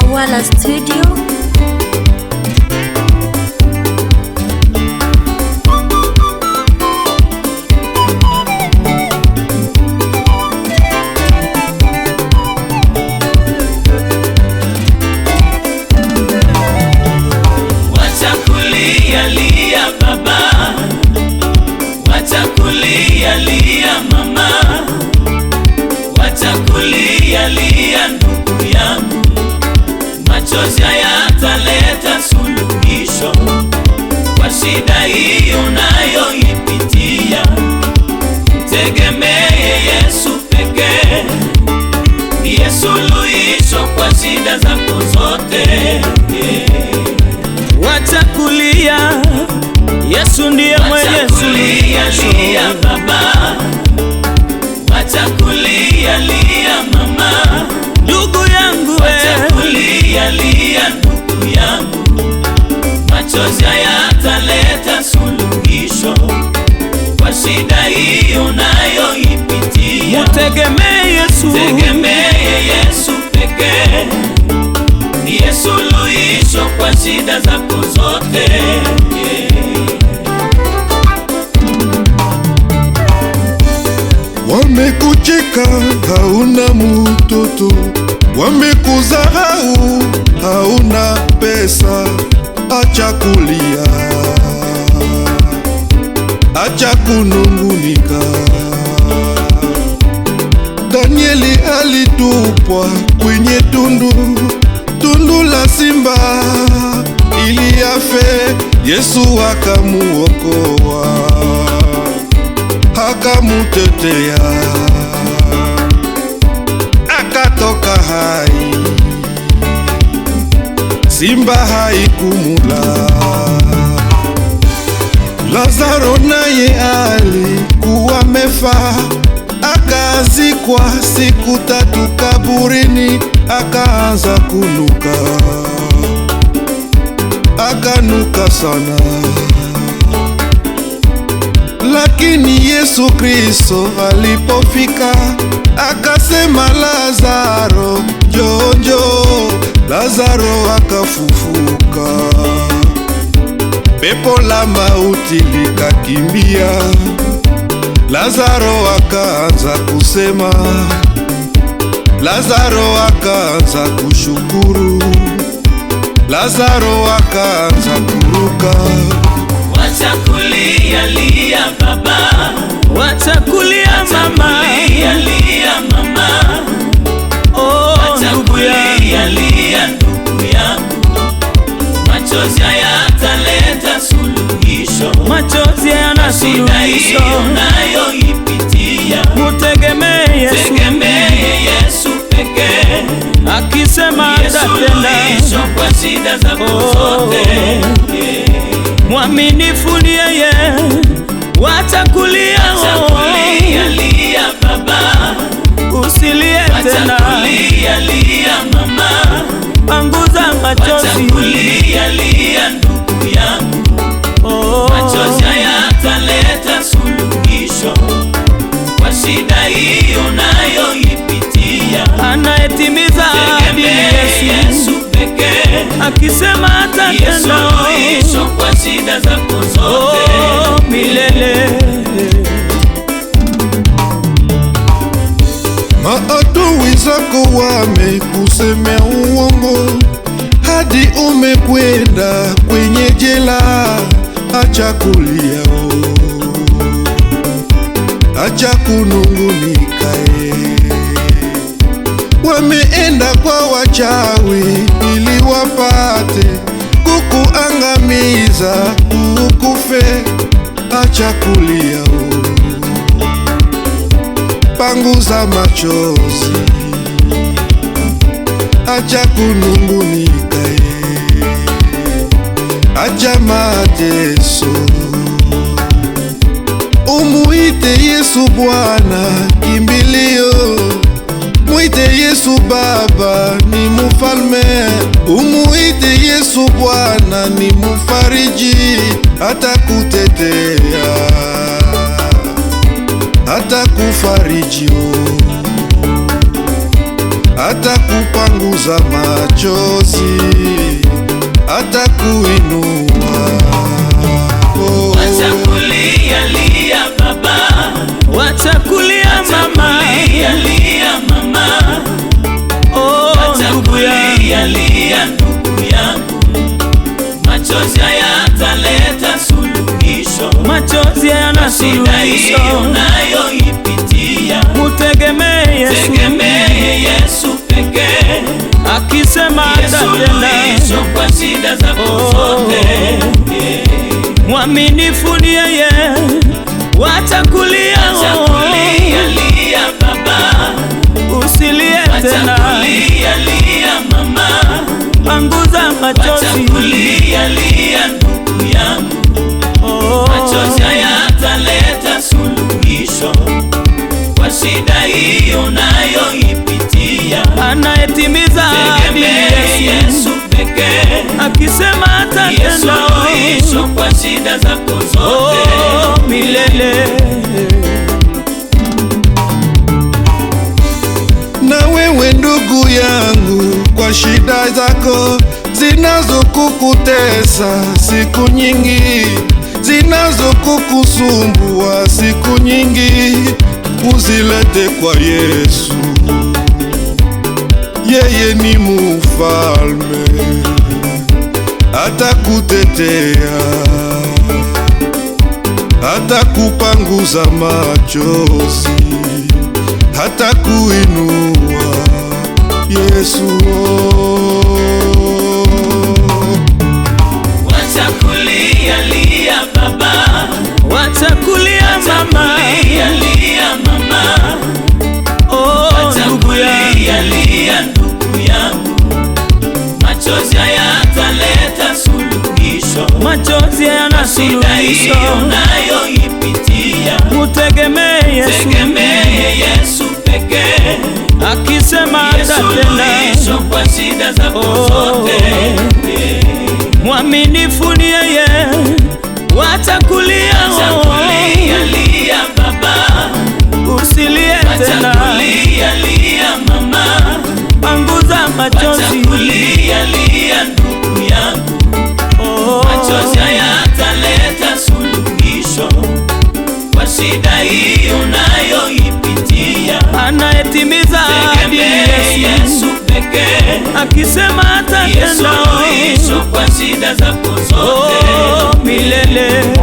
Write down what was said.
Tawala Studio. lia baba, watakulia lia mama, lia ndugu yote yataleta suluhisho kwa shida hii unayoipitia. Tegemee Yesu pekee, ndiye suluhisho kwa shida zako zote. Wacha kulia, Yesu ndiye mwenye suluhisho. Baba, wacha kulia, lia mama, ndugu yangu ya ndugu yangu, machozi hayataleta suluhisho kwa shida hii unayoipitia. Mtegemee Yesu, tegemee Yesu pekee, ndiye suluhisho kwa shida zako zote. Wamekucheka hauna mutoto, wamekudharau hauna pesa, acha kulia, acha kunungunika. Danieli alitupwa kwenye tundu, tundu la simba ili afe, Yesu akamuokoa, akamutetea, akatoka hai simba haikumula. Lazaro naye alikuwa mefa, akazikwa siku tatu kaburini, akaanza kunuka, akanuka sana lakini Yesu Kristo alipofika akasema, Lazaro njonjo Lazaro akafufuka, pepo la mauti likakimbia. Lazaro akaanza kusema, Lazaro akaanza kushukuru, Lazaro akaanza kuruka. Wacha kulia lia baba, wacha kulia mama, lia mama Machozi hayataleta suluhisho, machozi hayana suluhisho. Unayoipitia mutegemee Yesu Yesu peke, akisema atatenda suluhisho kwa shida zako oh. zote. Mwaminifu ni yeye, wacha kulia oh. usilie tena, watakulia lia mama, panguza machozi anayetimiza ahadi Yesu peke, akisema atatenda oh, milele. Maadui zako wamekusemea uongo hadi umekwenda kwenye jela. Acha kulia, acha kunungunika wameenda kwa wachawi ili wapate kukuangamiza ukufe. Acha kulia panguza machozi, acha kunungunika, acha mateso, umuite Yesu Bwana kimbilio Umuite Yesu Baba ni mufalme, umuite Yesu Bwana ni mufariji, atakutetea, atakufariji, atakupanguza machozi Machozi haya taleta suluhisho, machozi haya na suluhisho. Unayoipitia mutegemee Yesu, tegemee Yesu pekee, akisema atatenda kwa shida zako oh. zote. Mwaminifu ni yeye, watakulia usilie tena, anguza machozi Nalia ndugu yangu, machozi hayataleta suluhisho kwa shida hiyo unayoipitia. Anayetimiza ahadi Yesu pekee, akisema atatenda suluhisho kwa shida zako zote oh, milele. Na wewe ndugu yangu, kwa shida zako zinazokukutesa siku nyingi, zinazokukusumbua siku nyingi, uzilete kwa Yesu. Yeye ni mufalme, atakutetea, atakupanguza machozi, kuinua Yesu oh. Machozi hayataleta suluhisho, machozi hayana suluhisho. Unayoipitia utegemee Yesu, tegemee Yesu pekee. Akisema atatenda kwa shida zako oh. zote, mwaminifu ni yeye, watakulia watakulia, lia baba, usilie tena. watakulia anayetimiza ahadi Yesu pekee, akisema atatenda Yesu kwa shida zako zote oh, milele